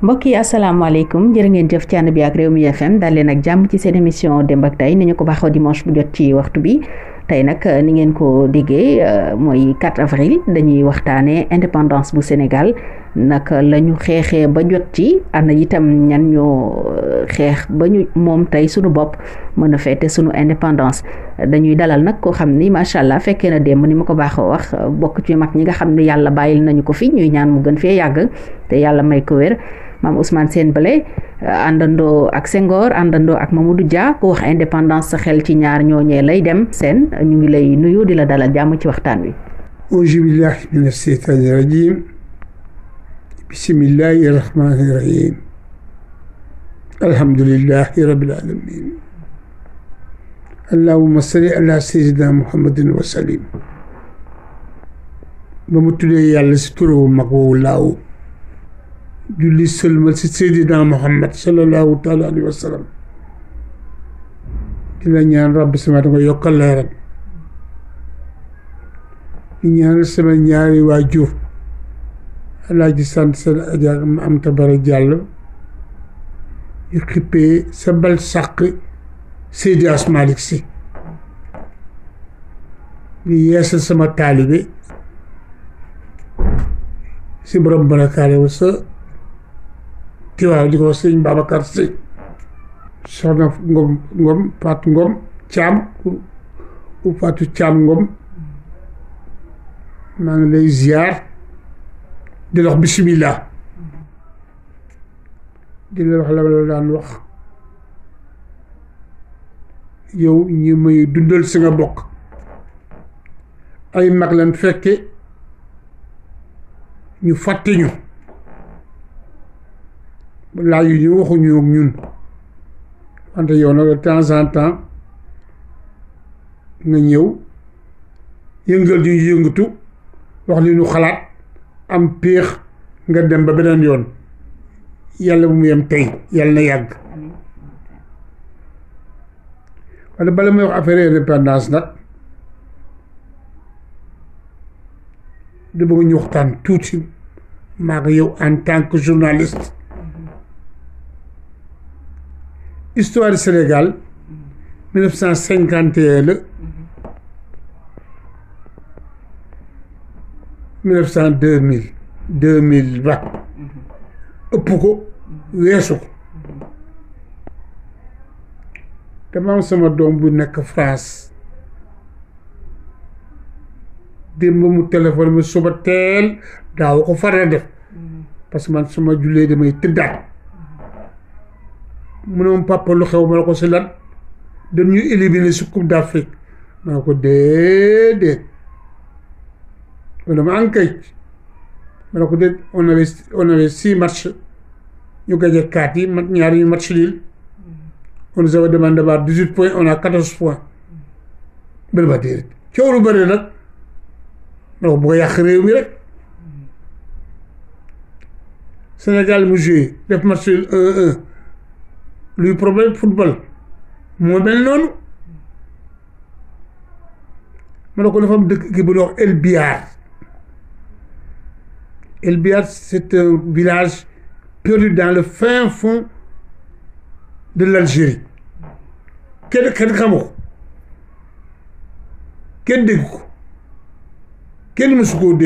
mbokk yi asalaamaaleykum jërë ngeen jëf ci ànd bi ak Rewmi FM daal leen jàmm ci seen émission démb ak tay ni ko baaxoo dimanche bu jot ci waxtu bi tey nag euh, ni ngeen ko déggee euh, mooy 4 avril dañuy waxtaanee indépendance bu Sénégal naka la ñu xeexee ba jot ci ana itam ñan ñoo euh, xeex ba ñu moom tey sunu bopp mën a feete suñu indépendance dañuy dalal nag koo xam ni macha allah fekkee na démb ni ma ko baaxoo wax bokk ci mag ñi nga xam ne yàlla bàyyil nañu ko fi ñuy ñaan mu gën fee yàgg te yàlla may ko wér maam Ousmane seen bale euh, àndandoo ak Senghor àndandoo ak Mamadou Dia ku wax indépendance sa xel ci ñaar ñooñee lay dem seen ñu ngi lay nuyu di la dalal jàmm ci waxtaan wi auzu billahi mina sheytaani rajim bismillahi rahmani rahim alhamdulillahi rabbil alamin allahumma salli ala sayyidina muhammadin wa salim ba mu tuddee yàlla si turu mag woowu laaw julli sëlmal si seydina muhammad sallallahu taala alayhi wa sallam di la ñaan rabbi sama danga yokkal leeram di ñaan sama ñaari waajur alaaji sant sa ajaar ma am tabara jàll yu xippee sa bal sàq Seydi As Malick Sy yeesal sama taalibe si borom barakaale wa sa Tiwaawan ji ko sëñ Babacar Sy soxna Ngom Ngom Fatou Ngom Thiam Fatou Thiam Ngom maa ngi lay ziar di wax bisimilah di la wax la daan wax yow ñi muy dundal si nga bokk ay mag lan fekke ñu fàtte laaj yu ñu waxuñu ak ñun wante yow nag de temps en temps ñëw yëngal yëngatu wax li xalaat am péex nga dem ba beneen yoon yàlla mu yem tey yàlla na bala may affaire indépendance nag da bëgg ñu waxtaan tuuti maa ngi yow en tant que journaliste histoire du Sénégal 1951 la 1900 2000 ëpp ko weesu ko dama am sama doom bu nekk France démb mu téléphone mu suba teel daaw ko faral def parce que man suma jullee damay tëddaat mu ne moom papa lu xew ma ne ko si lan dañuy éliminer si coupe d'Afrique ma ne ko déedéet wala ma ankay ma ne ko déet on avait on avait six matchs ñu gagné quatre ñaari ñu match nul on nous avait demandé d'avoir dix-huit points on a quatorze points ba déedéet coow lu bëri ma ne ko bëgg yàq réew mi rek Sénégal mu def match nul luy problème football moo mel noonu ma ne ko dafa am dëkk gi bu ñuy wax El Biar El Biar c'est un village perdu dans le fin fond de l'Algérie kenn kenn xamu ko kenn dégg ko kenn mësu koo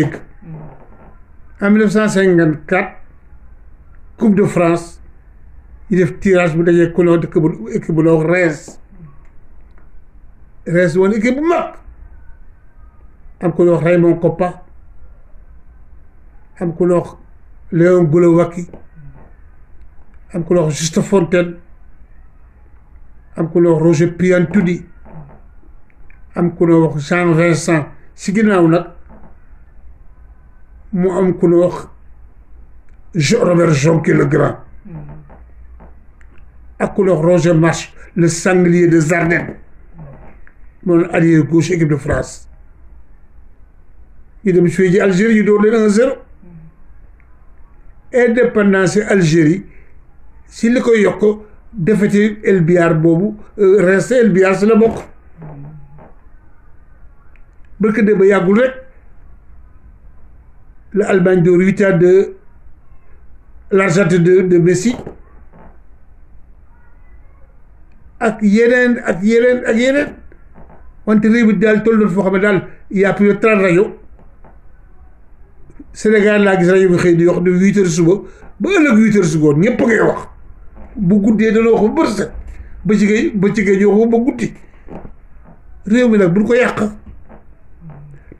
Coupe de France ñu def tirage bu dajee colon dëkk bu équipe bu la rees rees woon équipe bu mag am ku la wax Raymond Kopa am ku la wax Léon Goulowacki am ku la wax Juste Fontaine am ku la wax Roger Piantoudi am ku la Jean Vincent si ginnaaw nag mu am ku la wax Robert ak ku la Roger March le sanglier de Ardennes moo doon gauche équipe de France ñu dem suy ji Algérie ñu door leen 1 indépendance Algérie si li koy yokk defeti El Biar boobu euh, Reims El Biar si la bokk barke de ba yàggul rek la Allemagne door huit de l'argent de de Messi ak yeneen ak yeneen ak yeneen wante réew mi daal toll na foo xam ne daal y a plus rajo Sénégal laa gis rajo bi xëy di wax de huit heures suba ba ëllëg huit heures suba ñëpp ngay wax bu guddee dana wax ba bërse ba ci géej ba ci géej wax ba mi nag buñ ko yàq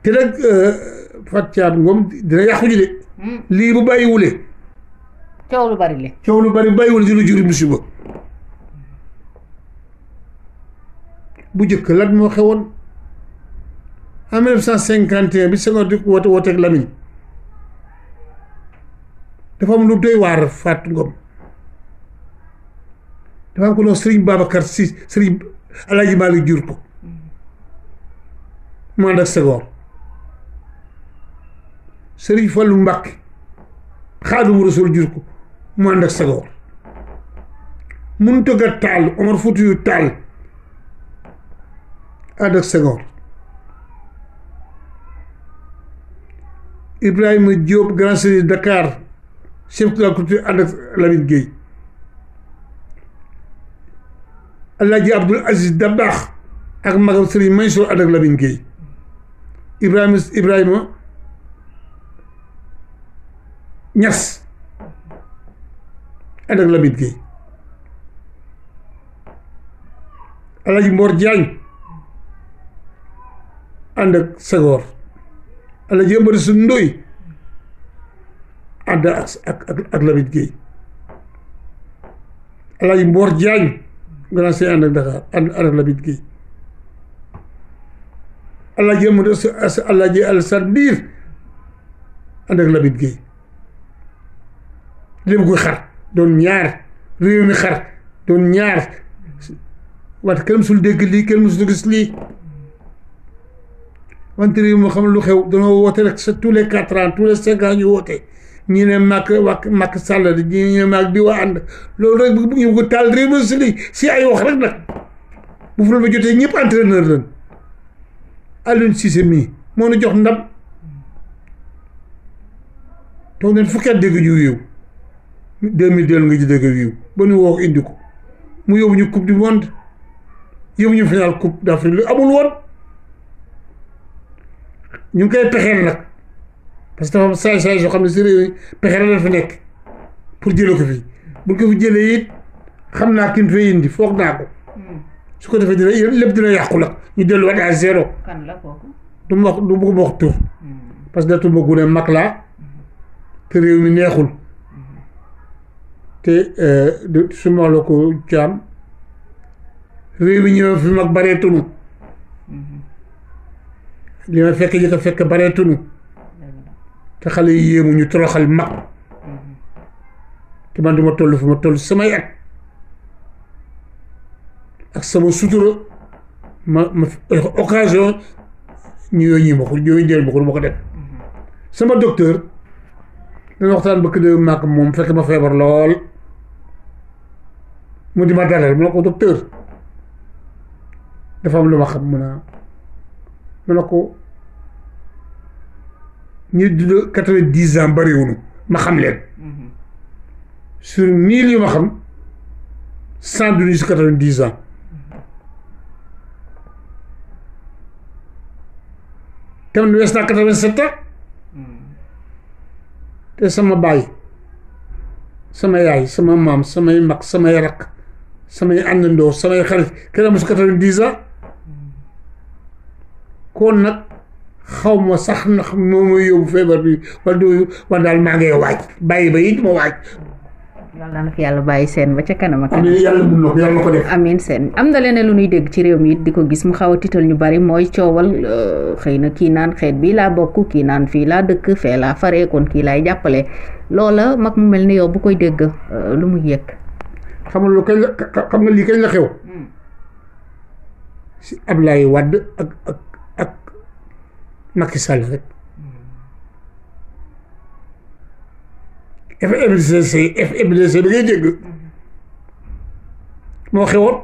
te nag euh, Fatou Thiam Ngom dina yàqu ji de hmm. lii bu bàyyiwulee coow lu bari le coow lu bari bàyyiwule dina juri musiba bu jëkk lan moo xewoon en 1951 bi Senghor di woote wooteeg dafa am lu doy waar Fatou Ngom dafa am ko noonu Serigne Babacar Sy sëriñ Alaaji Malick jur ko mu ànd ak Senghor Serigne Fallou Mbacké Xaadimu Rasuul jur ko mu ànd ak Senghor mun tëgg a taal Omar Foutiyou Tall ak Senghor Ibrahima Diop grand chef de Dakar chef de la culture ànd ak Lamine Gueye Alaaji Aziz Dabakh ak magam Serigne Mansour ànd ak Lamine Gueye Ibrahima Ibrahima Niass ànd ak Lamine Gueye Alaaji ànd ak Senghor Alaaji Ëmbarësu Ndoy ànd ak ak ak Lamine Gueye Alaaji Mboor Jaañ grand sëñ ànd ak Dakar ànd ak Lamine Gueye Alaaji Ëmbarësu Alaaji Alassane Ndiir ànd ak Lamine Gueye lépp guy xar doon ñaar réew mi xar doon ñaar waat kenn musul dégg lii kenn musul gis lii wante réew moo xam lu xew danoo woote rek sa tous les quatre ans tous les cinq ñu woote ñi ne Macky wàkk Macky Sall la ñi ne Macky di waa ànd loolu rek ñu ko taal réew mi si li si ay wax rek nag bu football ba jotee ñëpp entraîneur lañ Alioune Cissé mii moo nu jox ndam toog nañ fukki at dégg ju wiiw deux mille deux nga ji dégg wiiw ba nu woo indi ko mu yóbbu ñu coupe du monde yóbbu ñu final coupe d'Afrique lu amul woon ñu ngi koy pexeel nag parce que dafa saay saay yoo xam ne si réew yi pexe la fi nekk pour jëlee ko fi bu ko fi jëlee it xam naa ki mu fay indi foog naa ko su ko defee dina lépp dina yàqu la ñu delluwaat à zéro. kan la kooku. du ma wax du bëgg hmm. parce que da tuuma gune laa te réew mi neexul euh, ko jaam réew mi ñëw fi mag bareetunu li ma fekk jëkk a fekk bareetunu te xale yi yéemu ñu toroxal mag te man duma toll fu ma toll sama at ak sama sutura ma ma occasion ñu yooyu ñi ma ko ñooyu deel ma ko ma ko def sama docteur dana waxtaan bëkk de maak moom fekk ma feebar lool mu di ma dalal mu ne ko docteur dafa am lu ma xam mun a mu ne ko ñu dund quatre-vingt-dix ans bariwunu ma xam leen mhm. sur mille yu ma xam cent dund si quatre-vingt-dix ans tam wees naa quatre-vingt-sept ans mhm. te sama baay sama yaay sama maam samay mag samay rakk samay sama samay xarit kenn amul si quatre vingt mhm. nag xaw ma sax ndax moom mooy yóbbu feebar bi wala daal maa ngay waaj bàyyi ba it ma waaj. yàlla na fi yàlla bàyyi seen ba ca kanam ak seen am na leen lu ñuy dégg ci réew mi it di ko gis mu xaw a ñu bari mooy coowal euh, xëy na kii naan xeet bii laa bokk kii naan fii laa dëkk fee laa faree kon kii laay jàppale loola mag mu mel ni yow bu koy dégg euh, lu mu yëg. xam nga lii kañ la xew. Hmm. Macky Sall rek FMDC FMDC bi ngay dégg moo xewoon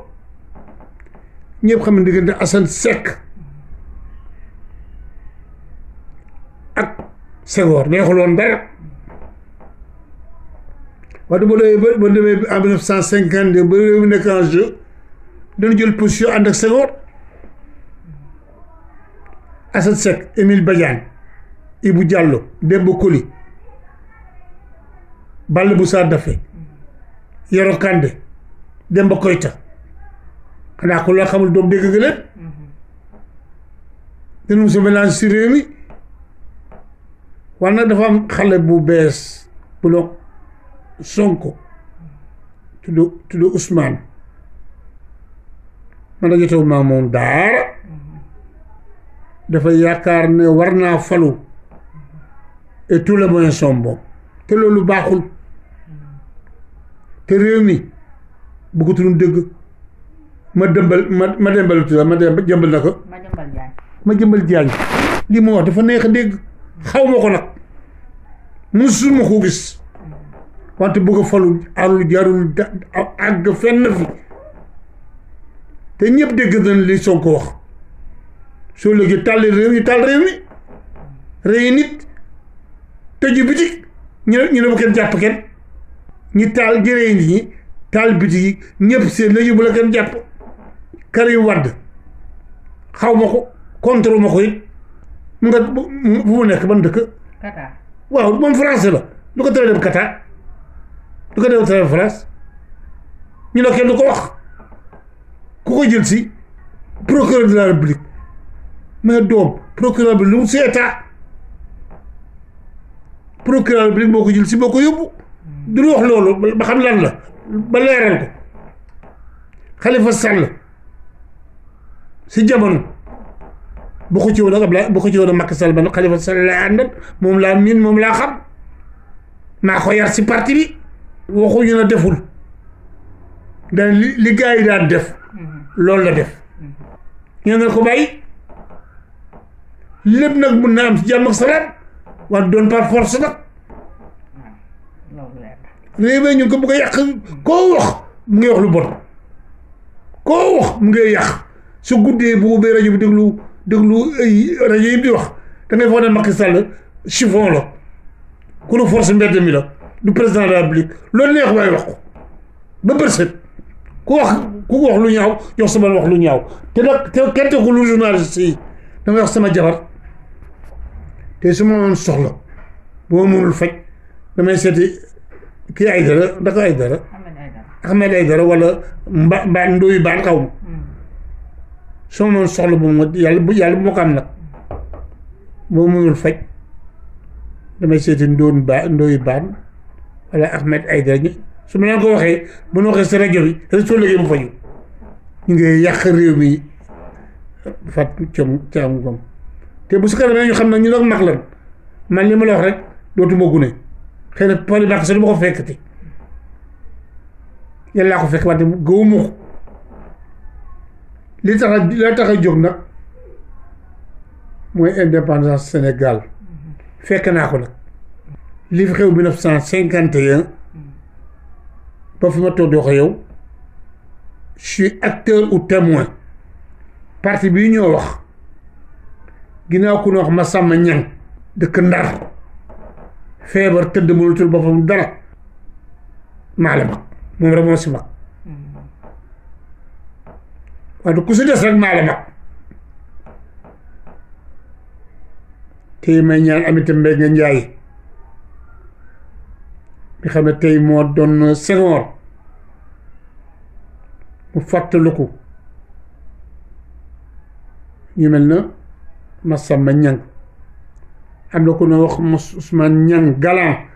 ñëpp xam ne diggante Assane Seck ak Senghor neexul woon dara wax dëgg ba ba demee en mille neuf cent cinquante deux ba nekk en jeu dañu jël position ànd ak Senghor Assane Seck Émile bu Ibou Diallo Demba Koli Balla Moussa Daffé Yoro Kandé Demba Koyta xanaa ko loo xamul doom dégg nga lépp dina mos a si réew mi waaye nag dafa am xale bu bees bu doon Sonko tudd tudd Ousmane man la jotewuma moom daara dafa yaakaar ne war naa falu et tous les moyens sont bons te loolu baaxul te réew mi bëggatuñu dëgg ma dëmbal ma ma dëmbal tuuti ma jëmbal na ko. ma jëmbal jaañ. ma jëmbal jaañ li ma wax dafa neex a dégg xaw ma ko nag musuma ko gis wante bëgg a falu arul jarul àgg fenn fi te ñëpp dégg nañ li Sonko wax. soo léegi taal réew yi taal réew mi rey nit tëju bitik ñu ne bu kenn jàpp kenn ñu taal jëree yi ñi taal bitik yi ñëpp seen léegi bu la kenn jàpp Karim Wade xaw ma ko contre wu ma ko it mu nga bu mu nekk ban dëkk. Qatar waaw moom français la lu ko teree dem Qatar lu ko dem teree France ñu ne kenn du ko wax ku ko jël si procureur de la République. mais doom procureur bi lu mu si état procureur bi moo ko jël si moo ko yóbbu du wax loolu ba xam lan la ba leeral ko Khalifa Sall si jamono bu ko ci woon ak Ablaye bu ko ci woon ak Macky Sall ba Khalifa Sall laa àndal moom laa miin moom laa xam maa ko yar si parti bi waxuñu na deful da li li gars yi daan def mm-hmm. loolu la def mm-hmm. ñoo nga ko bàyyi lépp nag mun na am ci jàmm ak salaam waaye doon par force nag réew ñu ko bëgg yàq koo wax mu ngi wax lu bon koo wax mu ngi yàq su guddee bu ubbee rajo bi déglu déglu ay rajo foog ne Macky Sall chiffon la ku lu force mbedd mi la du président République loolu neex waaye wax ko ba bërset wax ku wax lu ñaaw jox sama wax lu ñaaw te nag te kenn te ko lu journaliste yi dama wax sama jabar te su ma woon soxla boo mënul faj damay seeti kii ay dara da ko ay dara Ahmed wala mba mbaa ndóoyu baan xaw ma hmm. su ma woon soxla bu bu yàlla bu ma faj damay seeti ndóoyu baan ndóoyu baan wala Ahmed ay su ma leen ko waxee bu ñu waxee mu faju yàq réew mi fat cam cam gom te bu si yi ñu xam na ñu doon mag lan man li ma la wax rek dootuma gune xëy na pari mag sax du ma ko fekkati yàllaa ko fekk wante gëwuma ko li tax a tax a jóg nag mooy indépendance Sénégal fekk naa ko li fi xew mille neuf cent cinquante yow je suis acteur ou témoin parti bii ñoo wax ginnaaw ku ne wax ma sàmm ñang dëkk ndar feebar tëdd mënatul boppam dara maa la mag moom rek moo si mag waaye ku si des rek maa mag tey may ñaan amita mbéy nga njaay bi xam ne tey moo doon Senghor mu fàttaliku ñu mel na Massamba Niang am na ku ne wax Moussa Ousmane Niang galan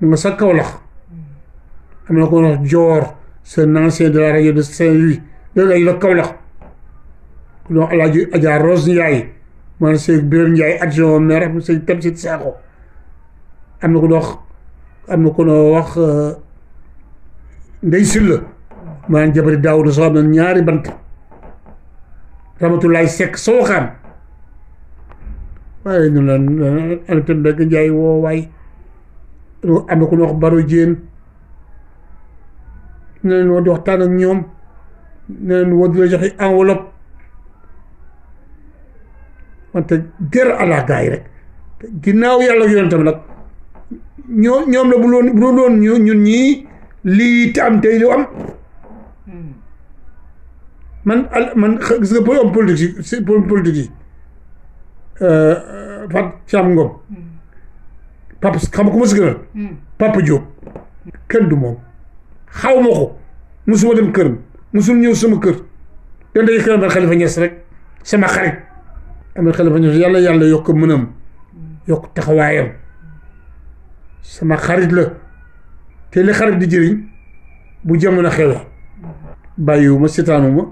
mu nga sa Kaolack am na ku ne wax Dior c'est un ancien de la région de Saint-Louis ku ne wax El Hadj Adja Rose Ndiaye maanaam c'est Birame Ndiaye adjoint au maire monsieur Tamsir Sakho am na ku ne wax am na ku ne wax euh, Ndeye Sylla soo xam ne ñaari bant Ramatoulaye Seck Sowakaan. waaye ñu lan antan dagg njaay woo ñoom ne leen la joxe ginnaaw yàlla ak yonentam nag ñoo ñoom la bu ñu ñun ñii lii te tey lu am hmm. man al man gis nga homme politique yi yi Fat Thiam Ngom. Papa xam nga ku ma si gënal. Papa Diop. kenn du moom. xaw ma ko. musuma dem këram. musul ñëw sama kër. te day këram ak Khalifa Niass rek. sama xarit. amal Khalifa Niass yàlla yàlla yokk mënam. yokk taxawaayam. sama xarit la. te li xarit di jëriñ. bu jamono xewee. bàyyiwu ma seetaanu ma.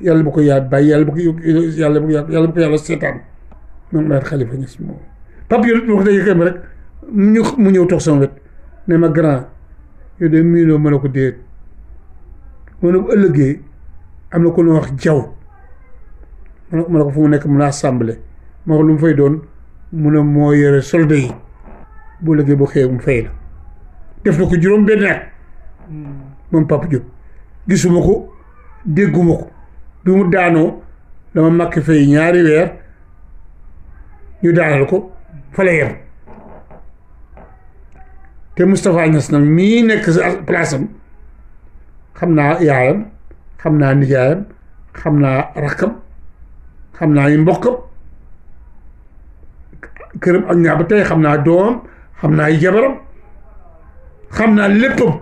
yàlla bu ko yàlla bu ko yàlla bu ko yàlla seetaan. moom daal xalifa ñes moom pap yorit boo ma rek ñu mu ñëw toog sama ne ma grand yow de miinoo ma ne ko déet ma ne bu ëllëgee am na ko nu wax jaw ma ne ko fu mu nekk mun a assemblée ma wax lu mu fay doon mu ne moo yore soldat yi bu ëllëgee boo xëyee mu fay la def na ko juróom benn at moom pap Diop gisuma ko dégguma ko bi mu daanoo dama màkk fay ñaari weer ñu daanal ko fa la te Moustapha Niass nag mii nekk sa place xam naa yaayam xam naa nijaayam xam naa rakkam xam naa yi mbokkam këram ak ñaa ba tey xam naa doom xam naa yi jabaram xam naa léppam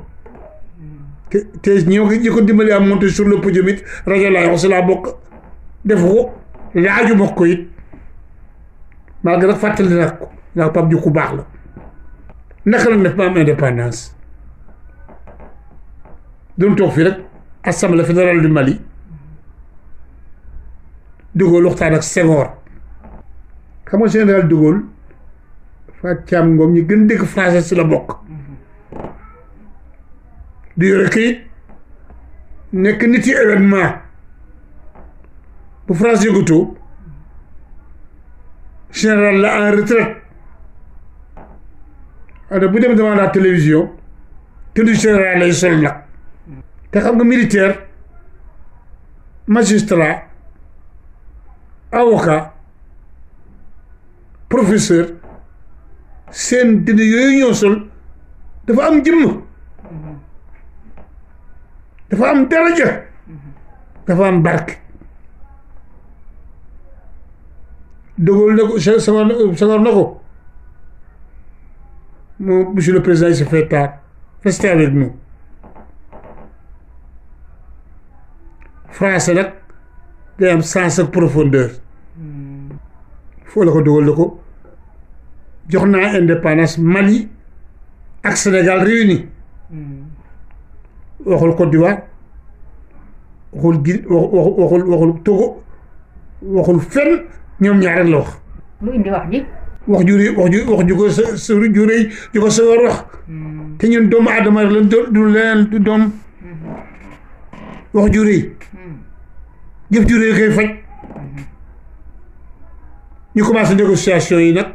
te te ñoo ñi ko dimbali am monté sur le podium it rajo laay laa bokk defu ko laaju ma ko it malgré fàttali naa ko ndax baax la naka la def ba am indépendance doon fii rek assemblée fédérale du Mali de Gaulle waxtaan ak Senghor xam nga général de Gaulle Fatou Thiam ñi gën dégg français si la bokk di yore nekk nit yi événement bu France yëngatoo général la en retraite waaye bu dem devant la télévision te du général lay sol nag te nga militaire magistrat avocat professeur seen dina yooyu ñoo sol dafa am jëmm mhm. dafa am daraja mhm. dafa barke dogal na ko sangar na ko mon monsieur le président il se fait tard restez avec nous français am sens profondeur foo ko dogal na ko jox naa indépendance Mali ak Sénégal réunis waxul Côte d'Ivoire waxul waxul waxul Togo waxul fenn ñoom ñaar rek wax. wax ji. wax ju rëy wax ju wax hmm. doomu aadama rek lañ hmm. ju rëy. Hmm. jëf ju rëy faj. ñu commencé négociation yi nag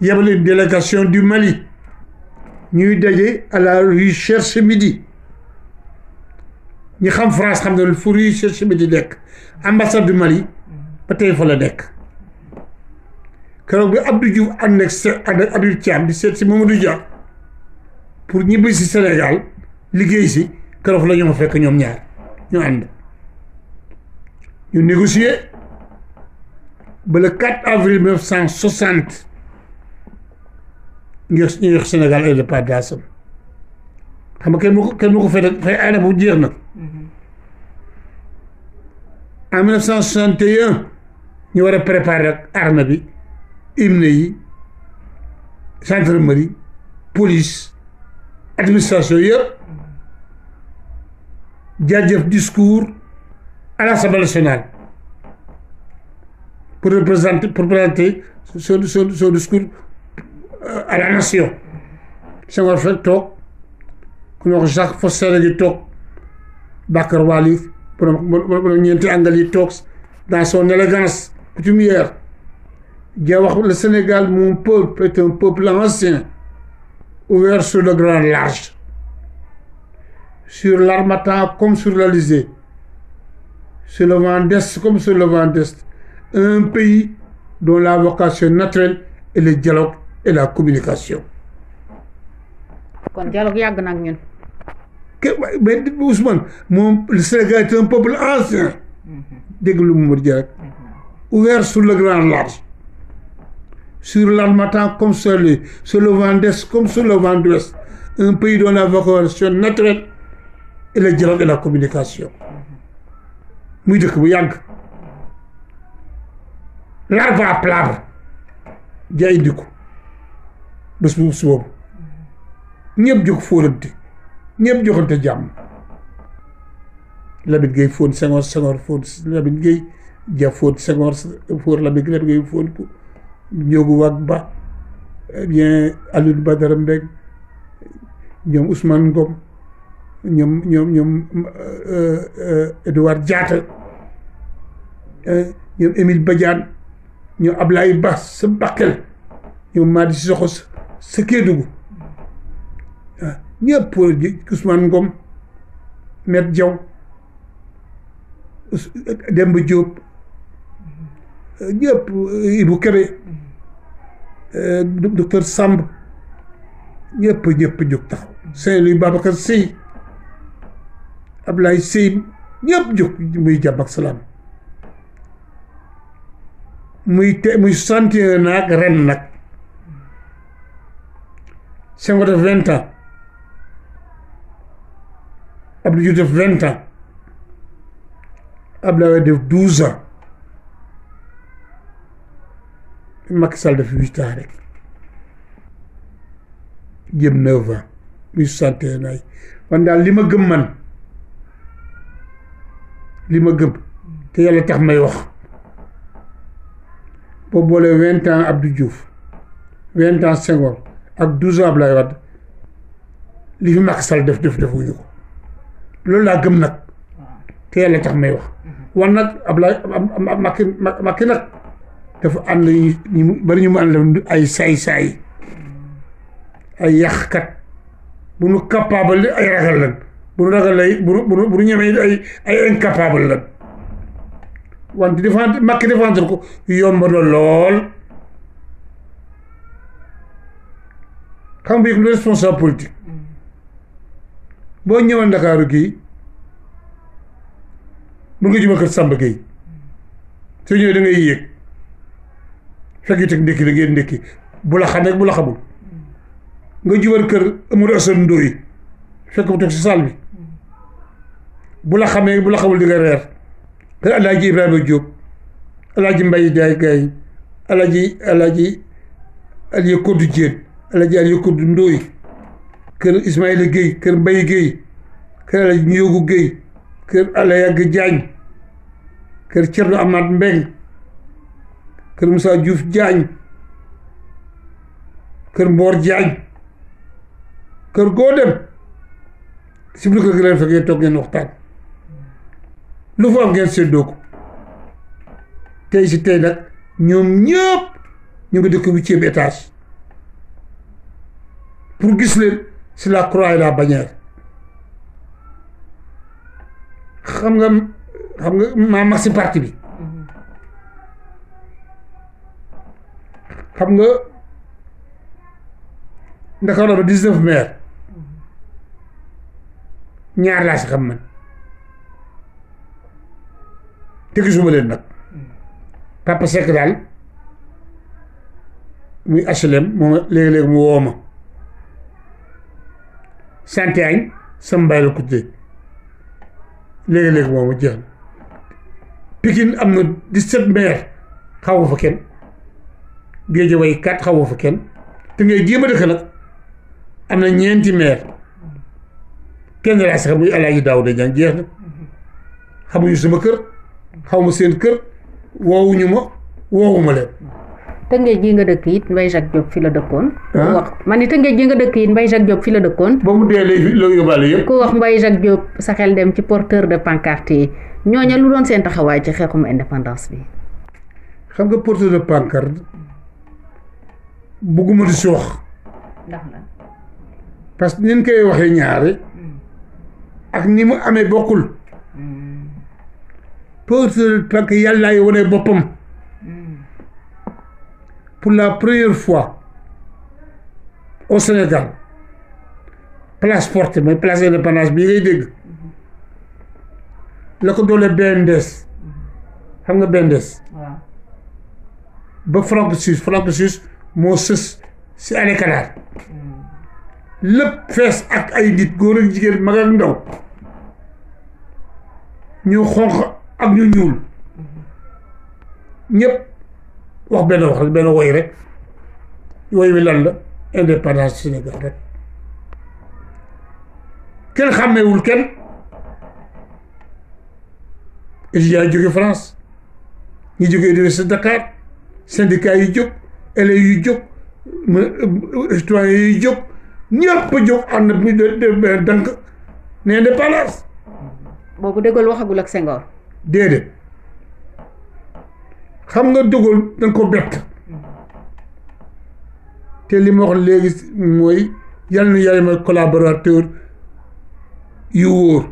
yebale délégation du Mali. ñuy daje à la recherche midi ñi xam France xam ne fu recherche midi nekk ambassade du Mali. ba tey fa la nekk keroog bi Abdou Diouf ànd ak se ànd ak Habib Thiam di seet si Mamadou Dia pour ñibbi si Sénégal liggéey si keroog la ma fekk ñoom ñaar ñu ànd ñu négocier ba le 4 avril 1960 ñu ñu yox Sénégal indépendance am xam nga kenn mu ko mu ko fay fay aada bu jeex nag mm-hmm. ñu war a préparer ak armée bi yi gendarmerie police administration yëpp jaajëf discours à l'Assemblée nationale pour représenter pour présenter son son son discours euh, à la nation Senghor fekk toog ku ñu Jacques Fossé gi toog Bakar Wali borom ñeenti angal yi toog dans son élégance coutumière di wax le Sénégal mon peuple est un peuple ancien ouvert sur le grand large sur l'Harmattan comme sur l'Alizé sur le vent d'Est comme sur le vent d'Est un pays dont la vocation naturelle est le dialogue et la communication. kon dialogue yàgg na ak ñun. mais Ousmane Sénégal est un peuple ancien. Mm-hmm. dégg lu mu ouvert sur le grand large, sur l'Armatan comme sur le, vent d'Est comme sur le vent d'Ouest, un pays dont la vocation naturelle est le dialogue et la communication. muy dëkk bu yàgg l'arbre à l'arbre di ay dikku bés bu su boobu ñëpp jóg fóorante ñëpp joxante jàmm Lamine Gueye fóon Senghor Senghor fóon Lamine ja fóot Senghor fóor Lamine Guèye Guèye fóot ko Ndiogou Wag Ba eh bien Alioune Badara Mbengue ñoom Ousmane Ngom ñoom ñoom ñoom eh, Edouard Diatta eh, ñoom Émile Badiane ñoom Ablaye Ba sa Bakel ñoom Madi Sissoko sa Kédougou ah ñëpp Ngom Maître Diaw demb Diop ñëpp euh, Ibou Kébé euh, docteur Samb ñëpp ñëpp jóg taxaw Saint-Louis Babacar Sèye Ablaye Sèye ñëpp jóg muy jàmm ak salaam muy te muy soixante et un ren nag Senghor def vingt ans Abdou Diouf def vingt ans Abdoulaye def douze ans Macky Sall def huit ans rek jëm neuf ans muy soixante et un daal li ma gëm man li ma gëm te yàlla tax may wax boo boolee vingt ans Abdou Diouf vingt ans ak douze ans lay Wade li fi Macky Sall def def defuñu ko loolu laa gëm nag te yàlla tax may wax mm-hmm. wan nag Abdoulaye Macky Macky nag dafa ànd ñu bari ñu mu ànd ay saay-saay ay yàqkat bu nu capable ay ragal lan bu nu ragal lay bu bu nu ñemee ay incapable lan wante défendre Macky défendre ko yomb na lool xam nga yëg responsable politique boo ñëwoon Ndakaaru gii mun nga juma kër Samba Gueye soo ñëwee da yéeg sa gi teg ndékki la ngeen ndékki bu la xamee rek bu la xamul nga jubal kër amul asan ndóoy fekk mu toog si saal bi bu la xamee bu la xamul di nga reer kër alaaji Ibrahima Diop alaaji Mbaye Daay Gaay alaaji alaaji Aliya Koddu Jéen alaaji Aliya Koddu Ndóoy kër Ismaïla Guèye kër Mbaye Guèye kër alaaji Njóogu Guèye kër Alaya Jaañ kër Cerno Amaat Mbeng kër Moussa Diouf Diagne kër Mboor jaañ kër goo dem si biir kër gi leen ngeen toog ngeen waxtaan lu fa am ngeen séddoo ko tey si tey nag ñoom ñëpp ñu ngi dëkk huitième étage pour gis leen si la croix et la bannière xam nga xam nga maa mag si parti bi xam nga Ndakaaru ba dix-neuf maire ñaar laa si xam man te gisuma leen nag Papa Seck daal muy HLM moom léegi-léegi mu woo ma sant añ sama mbay la kutee léegi-léegi moom ma jeex Pikine am na dix maire xaw fa kenn géejawaay kat xawoo fa kenn te ngay jéem a dëkk nag am na ñeenti maire kenn laa sax muy Alaaji Daawda Jaan jeex na xamuñu sama kër xaw ma seen kër woowuñu ma woowuma leen. tëngéej gi nga dëkk it Mbaye Jacques Diop fi la dëkkoon. Ah? ku wax man ni tëngéej gi nga dëkk it Mbaye Jacques Diop fi la dëkkoon. ba mu dee la yóbbaale yëpp. ku wax mbay Jacques Diop sa dem ci porteur de pancarte yi ñooña lu doon seen taxawaay ci xeexum indépendance bi. xam nga porteur de pancarte. bugguma di si wax. parce que nin koy waxee ñaari. ak ni mu amee bokkul. tóortóor parce que yàllaay wane boppam. pour la première fois au Sénégal place forte mooy place indépendance bii ngay dégg la doole BNDES xam nga BNDES. waaw suisse franc suisse moo sës si ale kadaar lépp fees ak ay nit góor ak jigéen mag ak ndaw ñu xonq ak ñu ñuul ñëpp wax benn wax benn woy rek woy wi lan la indépendance Sénégal rek kenn xàmmeewul kenn étudiants yi jóge France ñu jóge université Dakar syndicat yi jóg élèves yu jóg citoyens yu jóg ñëpp a jóg ànd bi de dënk ne indépendance. boobu nga De Gaulle ko bett te li ma wax léegi mooy yal na yàlla may collaborateur yu wóor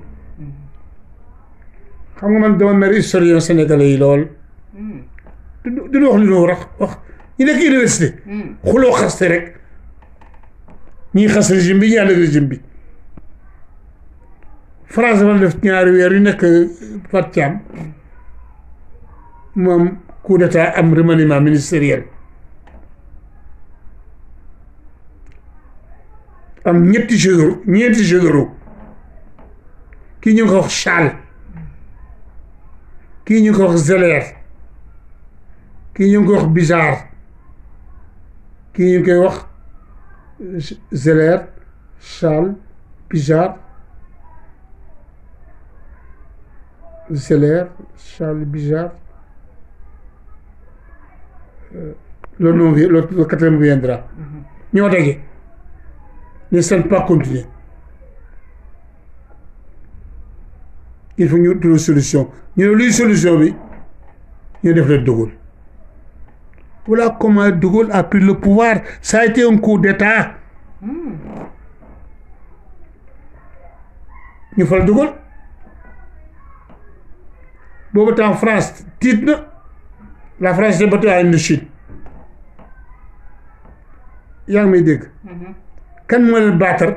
xam nga man dama mer historien sénégalais yi lool hmm. du du wax li ñu wax wax. ñi nekk université. Hmm. xuloo xaste rek ñiy xas régime bi ñuy ànd ak régime bi. France dafa def ñaari weer yu nekk euh, Fat Thiam moom coup d'état am remaniement ministériel am ñetti généraux ñeenti généraux kii ñu ngi ko wax Charles kii ñu ngi ko wax Zeller kii ñu ngi ko wax Bizarre kii ñu koy wax Zeller Charles Pijard Zeller Charles Pijard euh, le viendra mhm. ñoo daje ne seen pas continuer il faut ñu trouver solution ñu ne luy solution bi ñu def leen dugul Voilà comment De Gaulle a le pouvoir. Ça a été un coup d'État. ñu fal De Gaulle boobu France tiit na la France s'est battue à Indochine yaa ngi may dégg. Mhm. kan moo leen battre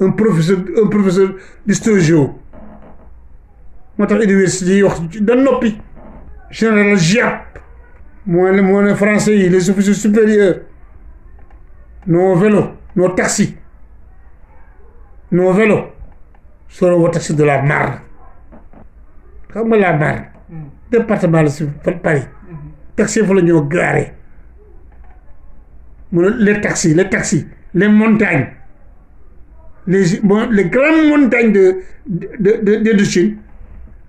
un professeur un professeur d'histoire géo université yi da noppi général Giap moo ne moo ne yi les officiers supérieurs nos vélos nos taxis nos vélos seront vos taxis de la Marne xam nga la Marne mm. département la si Paris mm-hmm. taxi fa la ñoo garé mu ne les taxis les taxis les montagnes les bon les grandes montagnes de de de de de Chine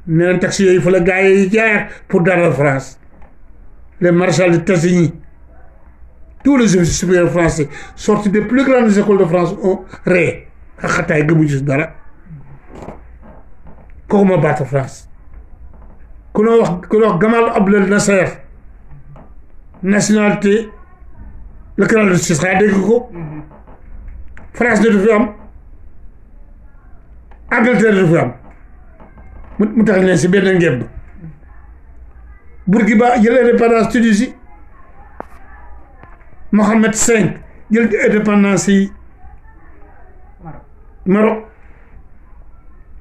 nee taxi yooyu fa la gars yi jaar pour dara France les maréchals de Tassigny, tous les officiers supérieurs français sortis plus grandes écoles de France ont rayé ak xataay gëmu ci dara kooku ma battre France ku noo ku noo wax Gamal Abdel Nasser nationalité le canal de Suez xaa dégg ko mhm. France ne du fi am Angleterre du fi am mu tax ne si Bourguiba jël indépendance Tunisie Mohamed V jël indépendance yi Maroc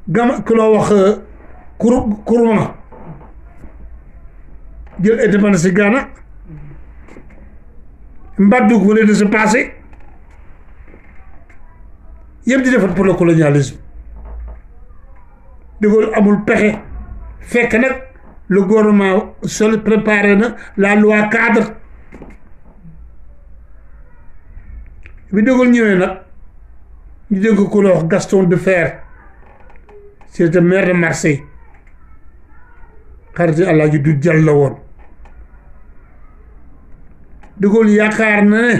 gama ku loo wax euh, Kourou Kourouma jël indépendance yi Ghana Mbadou venait de se passer yëpp di defar pour le colonialisme De amul pexe fekk nag. le gouvernement seul préparé na la loi cadre bi dëggal ñëwee nag ñu dégg ku la wax Gaston Defferre c'était maire de Marseille xariti Alaaji du jàll la woon dëggal yaakaar na ne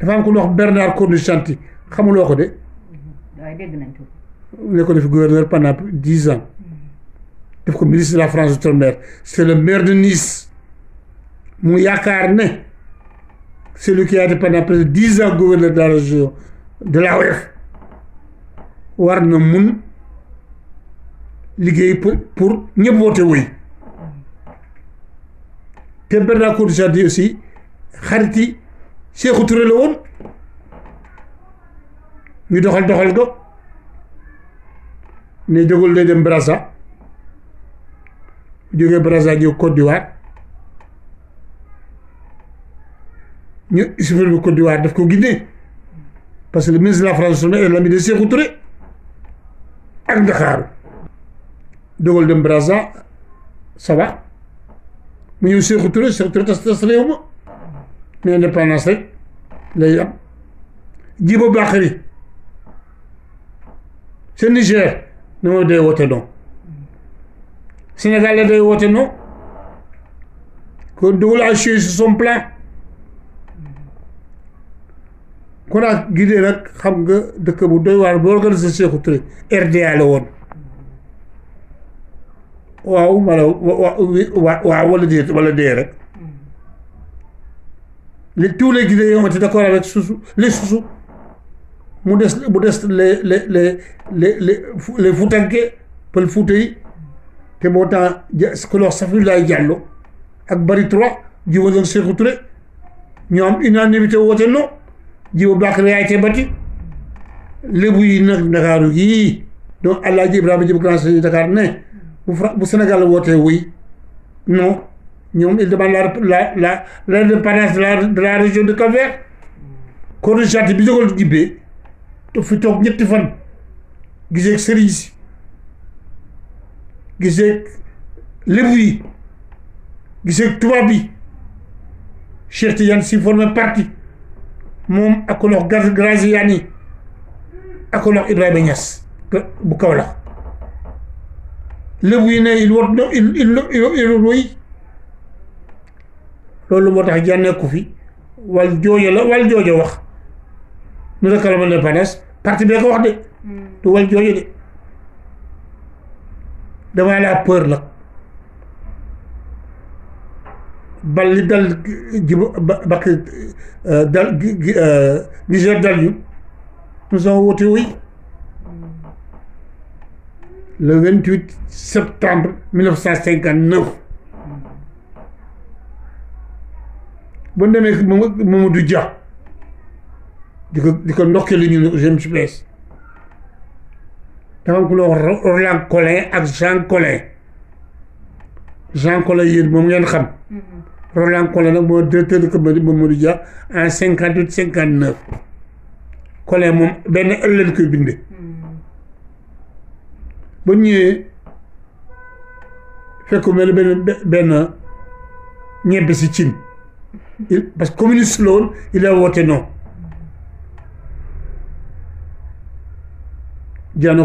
dafa am ku la wax Bernard Cornut-Gentille xamuloo ko de. Mm-hmm. waaye dégg nañ pendant dix ans. def ko la France outre-mer le maire de Nice mu yaakaar ne celui qui a été pendant près de dix ans gouverneur de la région war na mun liggéey pour pour ñëpp woote wuy te Bernard Cordier di aussi xariti Sékou Touré la woon ñu doxal doxal ko ne jógul day dem jóge Brazza ñëw Côte d'Ivoire ñu chauffeur bi Côte d'Ivoire daf ko Guinée parce que le ministre la France sunu est l'ami de Sékou Touré ak Ndakaaru dogal dem Brazza ça mu ñëw Sékou Touré tas tas réew ma mais indépendance rek lay am Djibo Bakary c'est Niger ni moo dee woote donc sénégalais day woote non kon dugal ay choses se sont plein kon ak Guinée nag xam nga dëkk bu doy waar bu organisé RDA la woon waaw wala wa dee wala dee rek les tous les Guinéens ont été d'accord avec Soussou les Soussou mu des mu des les les les les les Foutanké pël Fouta te boo temps ku lox safi lay jàllo ak bari trois jiba lëg Sékou Touré ñoo am unanimité woote non jiba Bakary yaay te bati lébu yi nag Dakaaru yii donc Alaaji Ibrahima Diop grand chef de ne bu Sénégal wootee oui non ñoom il demande la la la l'indépendance de la de la région de Cap-Vert. Codé Charte bi jógal jibbee te fi toog ñetti fan gisee ak giseeg lëbu yi giseeg tubaab yi Cheikh Tidiane si formé parti moom ak ko lox Graziani ak ko lox Ibrahima Niass bu Kaolack lëbu yi ne il wot no il il woy loolu moo tax jànneeku fi wal joojo wax nu rekkala ma ne panes parti bee ko wax de hmm. du wal joojo de damaa la peur nag bal li dal ji bakk euh, dal Niger euh, dal ñu nous avons le 28 septembre 1959 ba demee Mamadou Dia di ko di ko ndokkee li ñu ne je dama Roland Collin ak Jean Collin Jean Collin yéen moom ngeen xam mm-hmm. Roland Collin nag moo directeur de cabinet Mamadou Dia en cinquante huit cinquante neuf Collin moom benn ëllëg koy bindee mm-hmm. ba ñëwee fekku mel benn ñebbe si cin mm-hmm. parce que communiste la woon il a woote non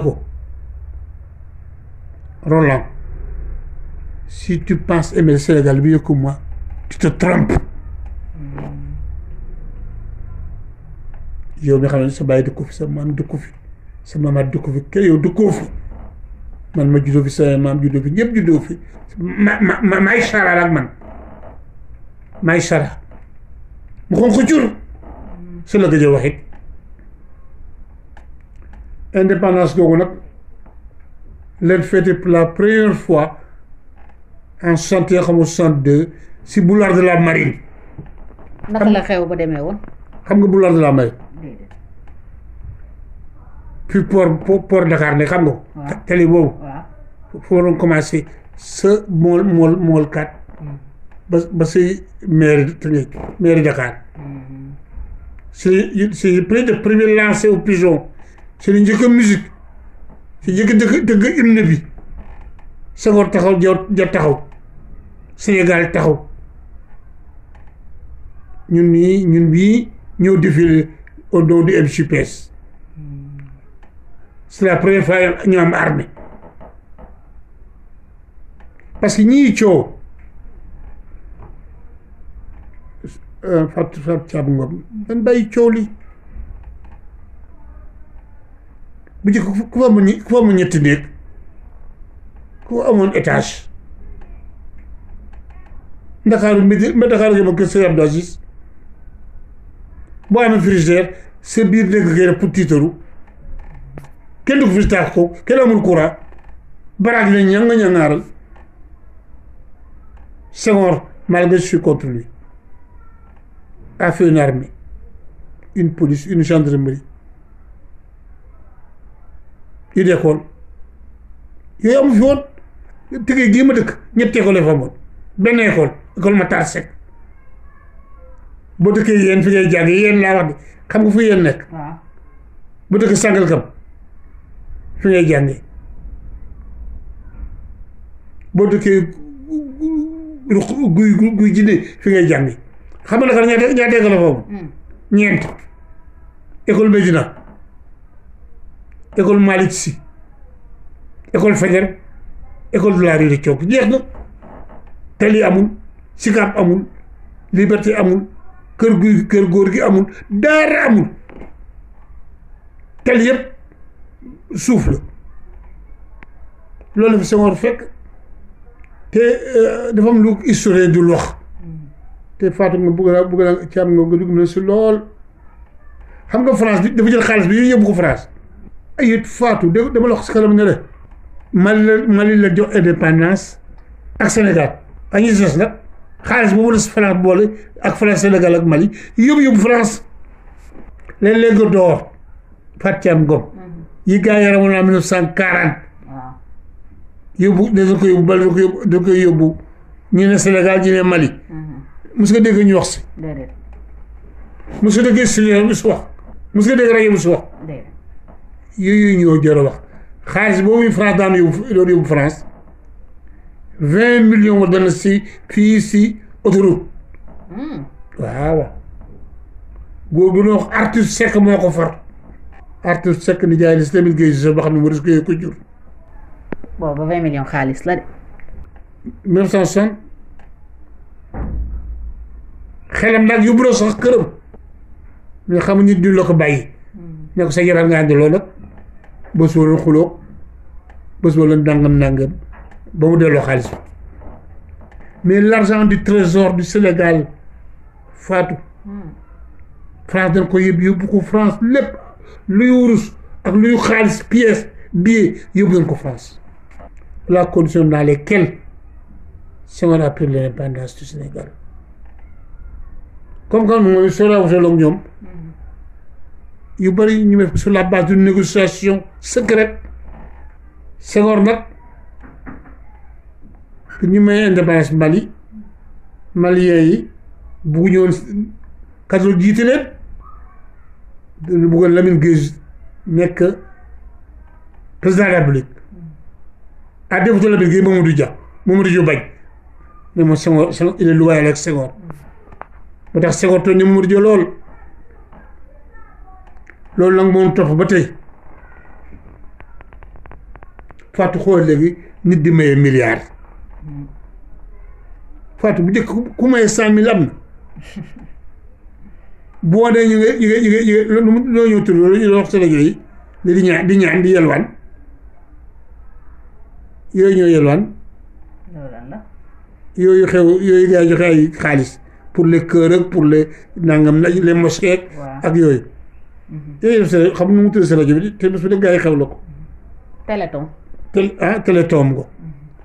ko Roland si tu penses aimer Sénégal mieux que moi tu te trompes yow mi xam ne sa bàyyi dëkku fi sa maam dëkku fi sa maamaat dëkku fi kër yow dëkkoo fi man ma juddoo fi sa maam juddoo fi ñëpp juddoo fi ma ma ma maay sara ak man maay sara mu xonq jur su la gëj a indépendance googu nag. leen fêté pour la première fois en soixante xamu soixante deux si boulevard de la Marine. naka la xew ba demee woon. xam nga boulevard de la Marine. puis port Dakar ne xam nga. waaw tali boobu. waaw foo commencé sa mool mool mool kat. Mm. ba si mairie Tëngéej mairie Dakar. Mm-hmm. si si premier lancé au pigeon. si li njëkk musique. yëg dëgg dëgg hymne bi Senghor taxaw jot taxaw Sénégal taxaw ñun ñii ñun bii ñëw défilé au dos du MCPS c'est la première ñu am armée parce que ñii coow euh, Fatou Fatou Thiam Ngom dañ coow li bu njëkk ku fa amoon ku fa ñetti néeg ku fa amoon étage ndakaaru midi ma ndakaaru nga ma kër Sëriñ Abdou boo amee frigidaire sa biir néeg ngay def pour tiitaru kenn du ko fi tax ko kenn amul courant baraag la ñanga ñangaaral Senghor malgré je suis contre lui a fait une armée une police une yu nekkoon yooyu amu fi woon tëggee gii ma dëkk ñetti école yi fa benn école école ma taar boo dëkkee yéen fi ngay jàng yéen laa wax de xam nga fu yéen nekk bu dëkk sàngal kam fi ngay jàngee boo dëkkee guy guy jinne fi ngay jàngee xam nga naka ñaata ñaata école fa amoon hmm. ñeent école Medina école Malick si école Faidherbe école de yi Rue de Thiock jeex na tali amul Sicap amul Liberté amul kër gi kër góor gi amul daara amul tali yëpp suuf la loolu fi Senghor fekk te euh, dafa am lu historien du lox te Fatou nga bëgg naa bëgg naa ci am nga nga dugg na si lool xam nga France bi dafa jël xaalis bi yooyu yóbbu ko France it faatu dégg dama la si kanam ne la Mali la Mali la jox indépendance ak Sénégal ak ñi si xaalis boobu la France boole ak France Sénégal ak Mali yóbbu yóbbu France les Légions d'or Fatiam Ngom mhm. yi gars yi yaramoon en 1940 yóbbu dañu ko yóbbu bal Sénégal ñu ne Mali mhm. mos nga dégg ñu wax si mos nga dégg si su wax mos nga dégg rajo bi su wax yooyu ñoo jër a wax xaalis boobu France daan France vingt millions wa dana si fii si autoroute hmm. waaw góor gu noo wax artiste Seck moo ko far artiste Seck ni jaay li si tamit géej si ba xam ne mu risque ko jur boobu vingt millions xaalis la de neuf xam nit ñu la ko bàyyi hmm. ne ko sa yaram bés wala xulóog bés wala nangam nangam ba mu delloo xaalis mais l'argent du trésor du Sénégal faatu hmm. France dañ ko yëpp yóbbu ko France lépp luy wurus ak luy xaalis pièce billet yóbbu nañ ko France la condition dans laquelle Senghor a pris l'indépendance du Sénégal comme quand mooy sora wutaloog ñoom hmm. yu bëri ñu def sur la base d'une négociation secrète Senghor nag pour ñu may indépendance Mali Malien yi bugg ñëwoon Castro jiite leen dañu bëggoon Lamine Guèye nekk président de la République à ah, bañ ne moom Senghor il est loyal ak Senghor ba tax Senghor toog ne Mamadou Dia lool loolu nag moom topp ba tey Fatou xool léegi nit di maye milliard Fatou bu njëkk ku maye cent mille na boo dee ñu ngi ñu ngi ñu ngi loolu ñëw tur loolu ñu wax ci rajo yi di ñaan di ñaan di yelwaan yooyu ñoo yelwaan yooyu xew yooyu gaa joxe ay xaalis pour le cœurs ak pour les nangam les mosquées ak yooyu Mhm. téeméer bi xam nga nu mu tudd si rajo bi téeméer bi da ngay xewloo ko. téléthon. télé ah téléthon nga.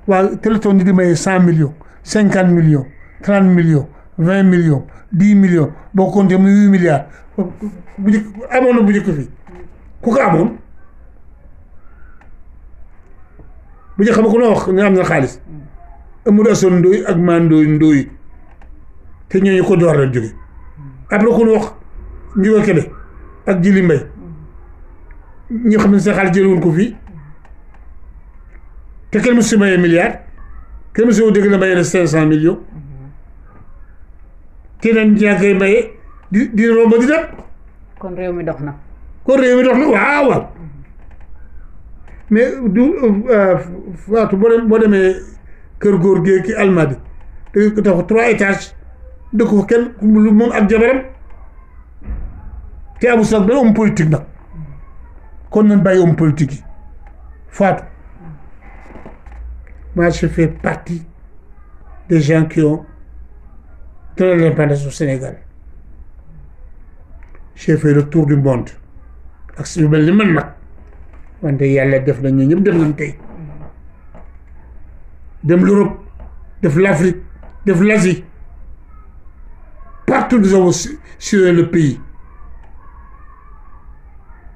waaw téléthon ni di may cent millions cinquante millions trente millions vingt millions dix millions boo compté muy huit milliards bu njëkk amoon na bu njëkk fii xam ku noo wax nga am na xaalis mm. Amadou Assane Ndoye te ñooñu ko door la jóge mm. après ku wax Ndiouga Kébé ak Jili Mbay mm-hmm. ñu xam ne seen xaalis jëlewul ko fii mm-hmm. te kenn mësu si mayee milliard kenn mësu si dégg na mayee na cinq cent millions te mm-hmm. nañ ñaa koy maye di di romb di dem kon réew mi dox na kon réew mi dox na waaw waaw mais du euh, Fatou boo boo demee kër góor gi ki Almadi da ko tax trois étages dëkk ko kenn lu moom ak jabaram te Abou Sakho day homme politique nag kon nañ bàyyi homme politique yi Fatou moi je fais partie des gens qui ont donné l'indépendance au Sénégal j'ai le tour du monde ak suñu mel ni man nag wante yàlla def na ñu ñëpp dem nañ tey dem l'Europe def l'Afrique def l'Asie partout nous avons suivi le pays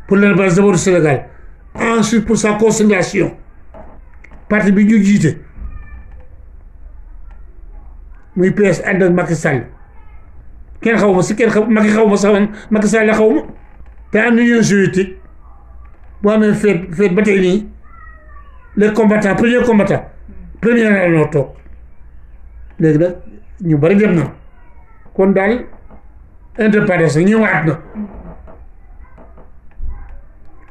pour l'élevage du Sénégal ensuite pour sa consommation parti bi ñu jiite muy PS ànd ak Macky Sall kenn xaw ma si kenn xaw ma sax la xaw ma te am na union soviétique boo amee feet feet ba tey nii les combattants premier combattant premier na noo toog léegi ñu bari dem na kon daal indépendance ñëwaat na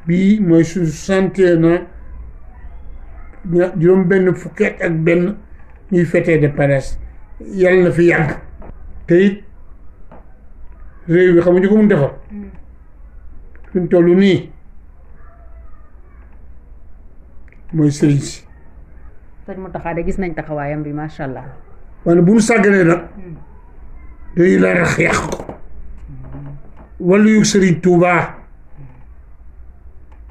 bii mooy suñu soixantième an juróom benn fukki ak benn ñuy fête indépendance yàlla na fi yàgg te it réew bi xamuñu ko mun defar suñ toll nii mooy sëriñ si sëñ Mountakha de gis nañ taxawaayam bi macha allah. wala bu ñu sàggalee nag hmm. dañuy la rax yàq ko wàllu yu sëriñ Tuubaa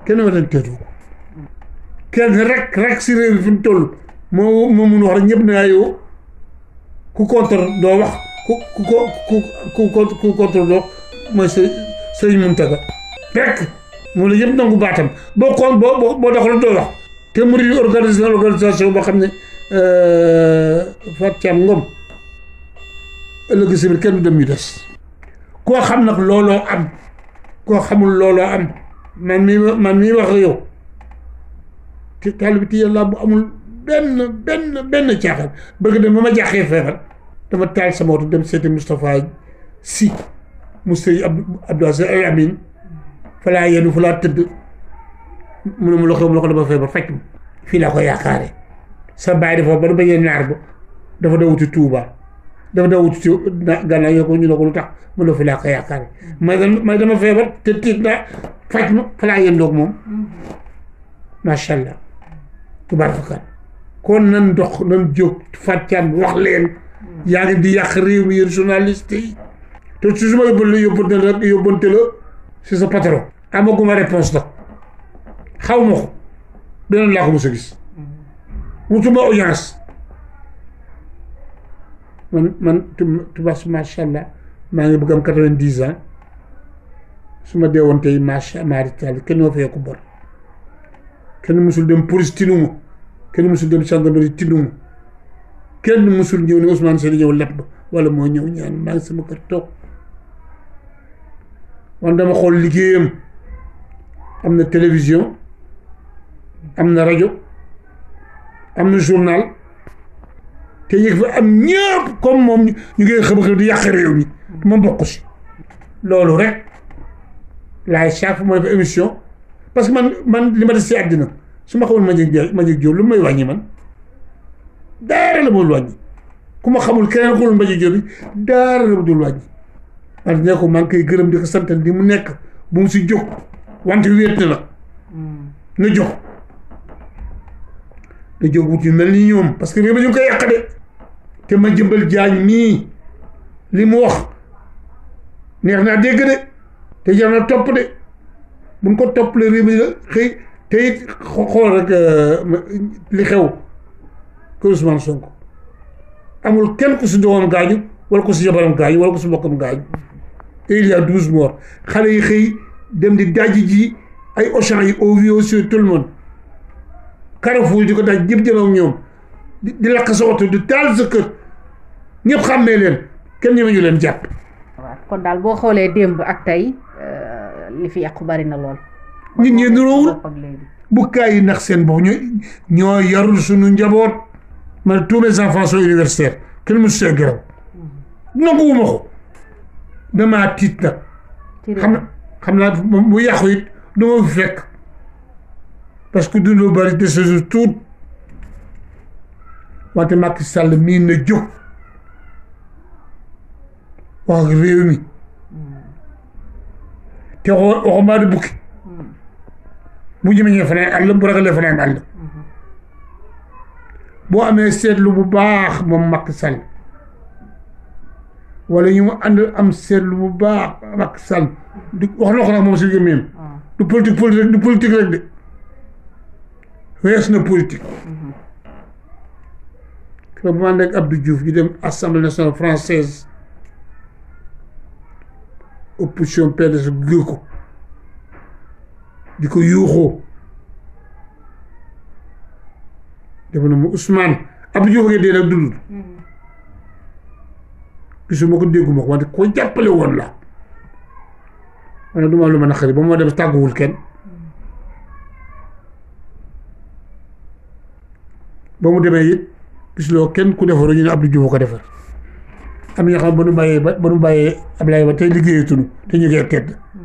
kenn wetanteetu ko kenn rek rek si réew bi fi mu toll moo moo mun wax rek ñëpp ne yow ku contre doo wax ku ku ku ku ku contre doo mooy së sëñ Muntaga rek moom la ñëpp nangu baatam boo kon boo boo boo doxalee doo wax te mu di organisé organisation boo xam ne euh, Fatou Thiam Ngom ëllëg si biir kenn du dem ñu des koo xam nag looloo am koo xamul looloo am. man mi man mii wax yow te taalibe Tijaan laa bu amul benn benn benn caaxaan bëgg dem ba ma jaaxee feebar dama taal sama oto dem seeti Moustapha Sy mu sëy Amin fa laa yenu fa laa tëdd mu ne mu loxo mu loxo dama feebar faj ma fii laa ko yaakaare sa bàyyi dafa ba du bañee naar ba dafa Tuubaa dafa daa wut si gànnaay yóbbu ñu ne ko lu tax mu ne fi laa ko yaakaare may may gën a feebar te tiit naa faj ma fa laa yëndoog moom macha allah tubaarakallah kon nan dox nan jóg fàccaan wax leen yaa ngi di yàq réew mi yéen journaliste yi te su suma yóbbante yóbbante la yóbbante la si sa patron amaguma réponse nag xaw ma ko beneen laa ko mos a wutuma audience man man tubaab macha allah maa ngi bëgg am quatre-vingt-dix ans su ma dee woon tey macha maari taal kenn ma fayee ko bor kenn musul dem police tinuma kenn musul dem gendarmerie tinuma kenn musul ñëw ne Ousmane Sène ñëw leb ba wala moo ñëw ñaan maa ngi sama kër toog man dama xool liggéeyam am na télévision am na rajo am na journal. te yëg fa am ñëpp comme moom ñu ngi xëba-xëb di yàq réew mi ma bokk si loolu rek laay chaque mooy fa émission parce que man man li ma des si àddina su ma xamul ma njëg ma njëg jóob may wàññi man daara la ma dul wàññi ku ma xamul keneen xulul ma njëg jóob bi daara la ma dul mu nekk bu mu si jóg want wéet na la hmm. na jóg na jóg wut yu mel ni ñoom parce que réew mi ñu de te ma jëmbal jaañ mii li mu wax neex naa dégg de te jar na topp de buñ ko toppalee réew mi la xëy te it xool rek euh, li xew ko Sonko amul kenn ku si doomam gaañu wala ku si jabaram gaañu wala ku si mbokkam gaañu et douze morts xale yi xëy dem di dajji ji ay Auchan yi Auchan sur tout le monde Carrefour di ko daj ñëpp jëloon ñoom di lakk sa oto di taal sa kër. ñëpp xàmmee leen kenn ñemeñu leen jàpp. kon daal boo xoolee démb ak tey euh, li fi yàqu bari na lool. nit ñi nuroowul bu kaay yi nax seen bopp ñoo yarul suñu njaboot man tous mes enfants sont universitaires kenn mu see gërëm mhm. nanguwuma ko damaa tiit nag. xam xam naa bu yàqu it du fekk parce que dundoo bari de ce jour wante Macky Sall miin na jóg. wax réew mi hmm. te waxumaa du bukki hmm. bu jëmeñee faneen àll bu ragalee faneen àll hmm. boo amee seetlu bu baax moom Macky Sall wala ñu mu ànd am seetlu bu baax Macky Sall di wax na ko nag moom si gémmiñam du politique politique du politique rek de wees na politique keroog bu ma ànd ak Abdou Diouf dem assemblée nationale française opposition PDS jur ko di ko yuuxoo dafa mu ma Ousmane Abdou Diouf ngeen dee nag dund mm-hmm. gisuma ko dégguma ko wante ko jàppale woon la man duma lu ma naqari ba moo dem tàgguwul kenn ba mu demee it gis kenn ku defaroo ñu ne Abdou Diouf ko defar am na ñoo xam ba nu bàyyee ba ba nu bàyyee Ablaye ba te ñu ngi tedd hmm.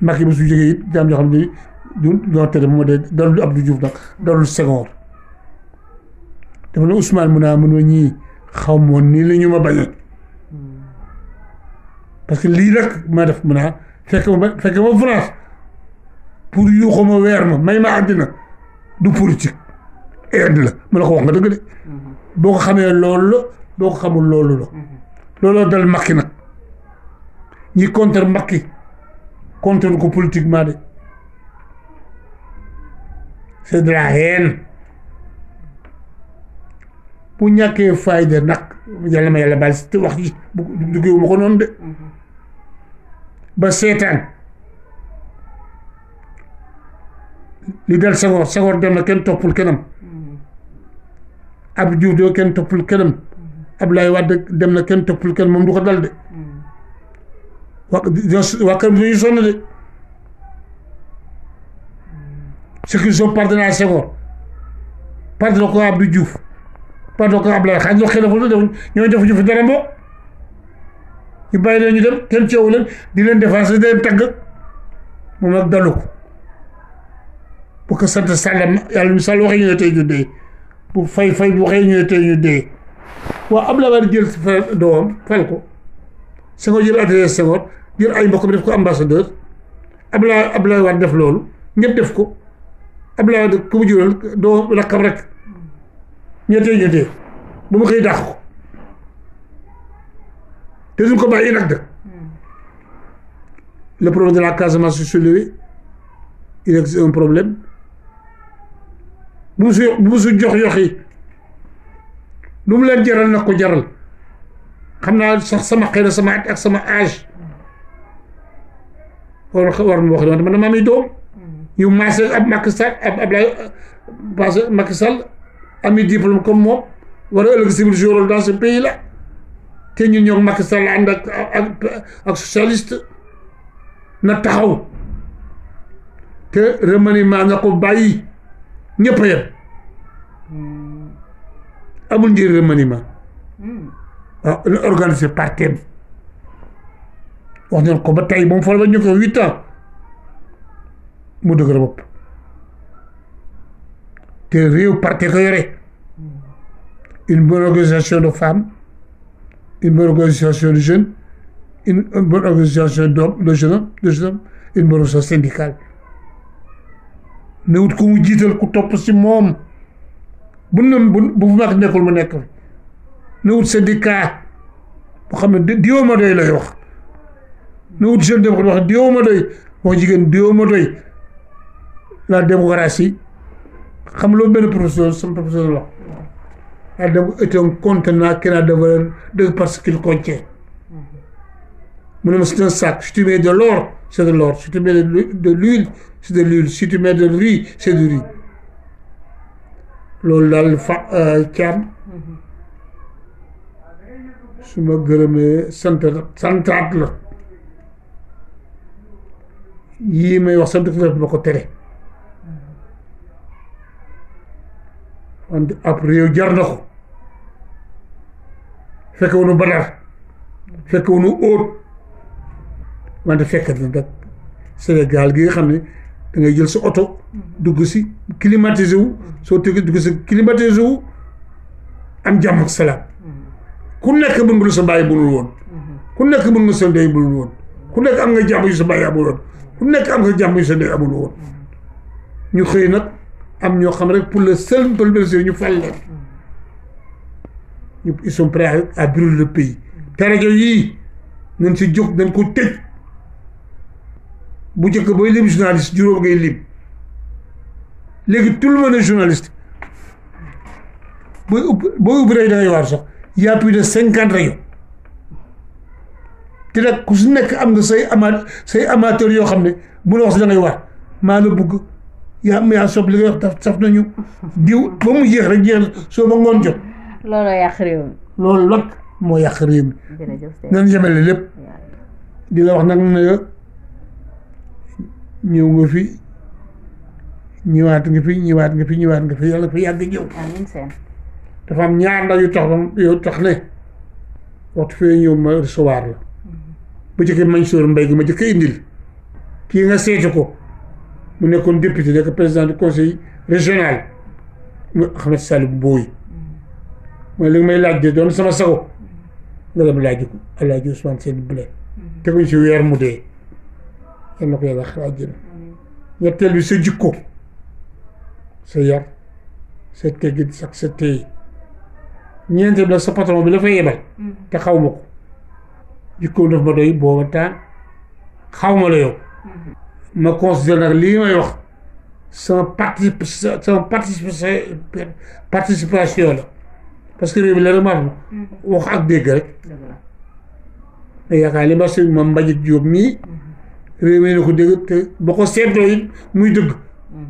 Macky ba su jógee ma dee doonul Abdou Diouf nag doonul Senghor dafa ne Ousmane mun naa ah, mun a ñii xaw moon nii la ñu ma bañee hmm. parce que lii nag ma def mun ah, fekk ma fekk ma France pour yuuxu ma weer ma may ma àddina du politique indi la ma ko wax nga dëgg de hmm. boo ko xamee loolu boo ko xamul loolu la looloo dal Macky nag ñi contre Macky contre ko politiquement de c'est de la haine bu ñàkkee fayda nag yàlla ma yàlla baal si wax ji duggee ma ko noonu de ba seetaan li dal Senghor Senghor dem na kenn toppul kenam Abdou Diouf kenn toppul kenam Abdoulaye Wade dem na kenn toppul kenn moom du ko dal de waa waa kër dañuy sonn de ceux qui sont partenaires à Senghor pardon ko Abdou Diouf pardon ko Abdoulaye xaaj loo xëy na fa def ñooy def ñu fi dara mbo ñu bàyyi leen ñu dem kenn ceewu leen moom nag dalu bu ko sant sàllam yàlla mi sàll waxee ñu ne tey dee bu fay fay bu waxee ñu ne tey dee waaw Abdoulaye Wade jël fa doomam fal ko Senghor jël attaché Senghor jël ay mbokkam def ko ambassadeur Abdoulaye Abdoulaye Wade def loolu ñëpp def ko Abdoulaye Wade ku mu jural doomam rakkam rek ñettee ñettee bu ma koy dàq ko te duñ ko bàyyi nag de hmm. le problème de la Casamance se soulevé il existe un problème bu mu su bu jox yox yi lu mu leen jaral na ko jaral xam naa sax sama xëy na sama at ak sama âge war war ma wax ne man dama am doom ñu mm-hmm. maase ab Macky Sall ab Ablaye parce que Macky Sall ami diplôme comme moom war a ëllëg civil joué dans ce pays là te ñun ñoo Macky Sall ànd ak ak socialiste na taxaw te remaniement na ko bàyyi ñëpp a yem amul njëriñ remaniement hmm. ah, waaw ñu organiser parti wax nañ ko ba tey moom fal ba ñu ko huit ans mu dëgër bopp te réew parti ko yore hmm. une bonne organisation de femmes une bonne organisation de jeunes une bonne organisation de jeune hommes de jeunes hommes une bonne organisation syndicale ne wut ku mu jiital ku topp si moom bu nu bu bu fu mag nekkul mu nekk na wut syndicat boo xam ne diwoo ma doy lay wax na wut jeune démocrate ma doy wax jigéen diwoo ma doy la démocratie xam loo benn professeur sama professeur wax la contenant qui n'a de valeur que parce qu'il contient mu ne ma c'est sac si de l'or c'est de l'or si de l'huile c'est de l'huile si de riz c'est du riz loolu daal fa euh, caam su ma gërëmee sant santaat la yii may wax sant ko ma ko tere wante ab réew jar na ko fekkewunu badar fekkewunu óot wante fekkat na Sénégal gi nga xam ne da ngay jël sa oto dugg si climatisé wu soo tëgg dugg si climatisé wu am jàmm ak salaam ku nekk mën nga lu sa bàyyi bunul woon ku nekk mën nga sa ndey bunul woon ku nekk am nga jàmm yu sa bàyyi amul woon ku nekk am nga jàmm yu sa ndey amul woon ñu xëy nag am ñoo xam rek pour le seul problème ñu fal leen ñu ils sont prêts à brûler le pays. terege yii nañ si jóg nañ ko tëj. bu jëkk booy lim journaliste juróom ngay lim léegi tout le monde est journaliste booy ub booy ubbi rajo da ngay waar sax y a de cinquante rajo te nag ku si nekk am nga say ama say amateur yoo xam ne bu la wax si da ngay waar maa la bugg yaa am yaa sob li ngay wax saf nañu diw ba mu jeex rek jeex soo ba ngoon jot. loolu yàq réew loolu lot moo yàq réew nan yemale lépp di wax nag na ñëw nga fi ñëwaat nga fi ñëwaat nga fi ñëwaat nga fi yàlla fi yàgg ñëw. amiin seen. dafa am ñaar ndax yu tax yow tax ne waxtu fee ñëw ma recevoir la. Mm-hmm. bu njëkkee Mansour Mbaye gi ma njëkkee indil. kii nga seeti ko mu nekkoon député nekk président du conseil régional mu Ahmed Salib Boye. Mm-hmm. mooy li may laaj de doon sama sago mm-hmm. nga dem laaj ko El Hadj Ousmane Sène Blay. teguñ si weer mu dee. yal na ko yàlla xar àjjana ñetteel bi sa jikko sa yar sa teggit sax sa téye ñeenteel bi nag sa patron bi la fay yebal mm. te xaw ma ko jikkoom daf ma doy booba taan xaw ma la yow mm-hmm. ma considère nag lii may wax sama parti sama participation la parce que réew mi la remarque mm-hmm. wax ak dégg rek ma yaakaar li ma sëñ ma mbajit Jóob mii mm-hmm. réew mi ne ko dégg te ba muy dëgg mm-hmm.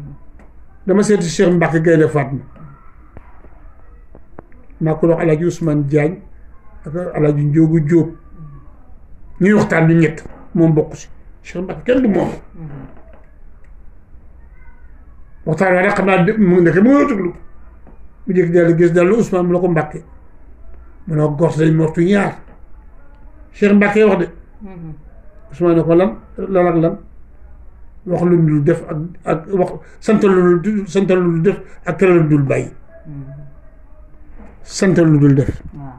dama seetu Cheikh Mbacke Gaynde Fatma maa ko dox Alaaji Ousmane Diagne ak Njóogu Jóob mm-hmm. ñuy waxtaan bi ñett moom bokk si Cheikh Mbacke kenn du moom mm-hmm. waxtaan waaye nag xam naa mu nekk mu ngi tuglu mu jëkk dal gis dal Ousmane mu la ko mu ne ko gors dañ mortu wax de Ousmane ne ko lan lan ak lan wax lu dul def ak ak santal lu dul santal lu dul def ak tere lu dul bàyyi santal lu dul def hmm.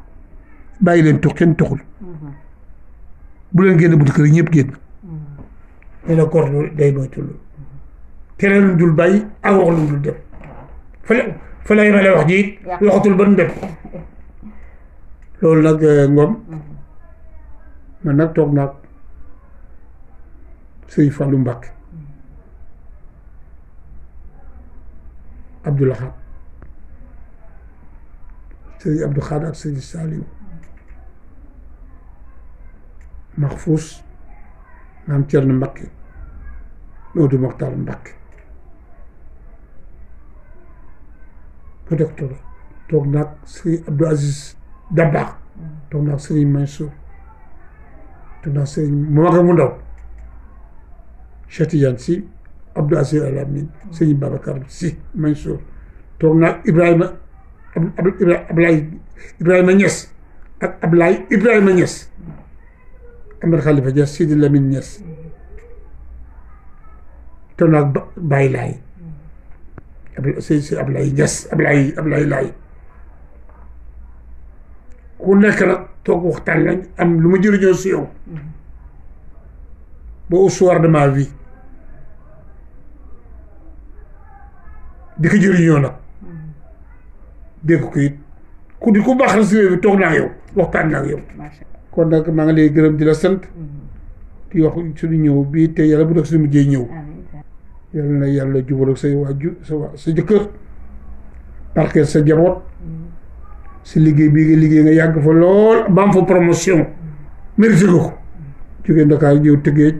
bàyyi leen tux kenn tuxul hmm. bu leen génn bunt kër yi ñëpp génn ñu ne koor day moytu loolu tere lu dul bàyyi ak wax lu dul def fële fële yi ma wax ji waxatul ban def loolu nag eh, ngoom hmm. man nag toog naag sëriñ Fallou mbakk Abdou Lahad sëriñ Abdou Khad ak sëriñ Saliou Mahfous maam Thierno Mbacké Maodo Mokhtar Mbacké mu def toog toog naag sëriñ Abdou Aziz Dabakh mm. toog naag sëriñ toog naag sëriñ mu mag mu ndaw Cheikh Tidiane Sy Abdou Aziz Al Amine sëñ Babacar Sy Mansour toog naa Ibrahima ab Ablaye Ibrahima Niass ak Ablaye Ibrahima Niass Amar Khalifa Niass Sidi Lamine Niass toog naa Baye Laye ab si si ku nekk nag toog waxtaan lu ma jëriñoo si yow ba au soir vie di ko jëriñoo nag dégg ko it ku di ku baax la si bi toog naa yow waxtaan naa yow. kon nag maa ngi lay gërëm di la sant. Mm-hmm. di wax suñu ñëw bii te yàlla bu def suñu mujjee ñëw. yal na yàlla jubal ak say waaju sa waa sa jëkkër. barkeel sa jaboot. Mm-hmm. si liggéey bii nga liggéey nga yàgg fa lool ba am fa promotion. Mm-hmm. mérité nga Ndakaar ñëw tëggee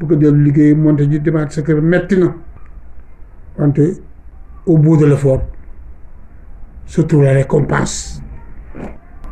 bu ko dellu liggéey monte ji demaat sa kër metti na wante au bout de l'effort se trouve la récompense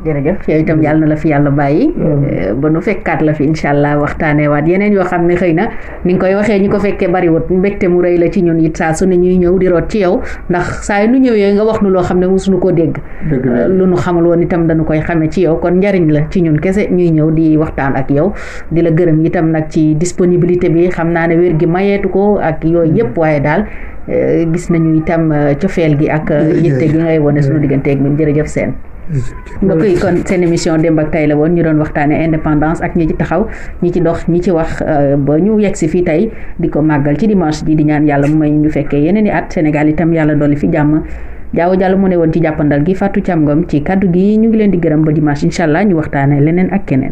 jërëjëf yow itam mm-hmm. yàlla la fi yàlla bàyyi. Mm-hmm. Eh, ba nu fekkaat la fi incha allah waxtaanee waat yeneen yoo xam ne xëy na ni koy waxee ñi ko fekkee bariwut mbégte mu rey la ci ñun it saa su ne ñuy ñëw di root ci yow ndax saa yu nu ñëwee nga wax nu loo xam ne mosuñu koo dégg. Eh, lu nu xamul woon itam dañu koy xamee ci yow kon njariñ la ci ñun kese ñuy ñëw di waxtaan ak yow di la gërëm itam nag ci disponibilité bi xam naa ne wér gi mayeetu ko ak yooyu mm-hmm. yëpp waaye daal. Eh, gis nañu itam cofeel gi ak yitte gi ngay wone suñu digganteeg ñun jërëjëf seen mbokk yi kon seen émission démb ak tay la woon ñu doon waxtaanee indépendance ak ñi ci taxaw ñi ci dox ñi ci wax euh, ba ñu yegg si fii tey di ko màggal ci dimanche ji di ñaan yàlla mu may ñu fekkee yeneen i at Sénégal itam yàlla dolli fi jàmm jaawo jàll mu ne woon ci jàppandal gi Fatou Thiam Ngom ci kaddu gi ñu ngi leen di gërëm ba dimanche incha allah ñu waxtaane leneen ak keneen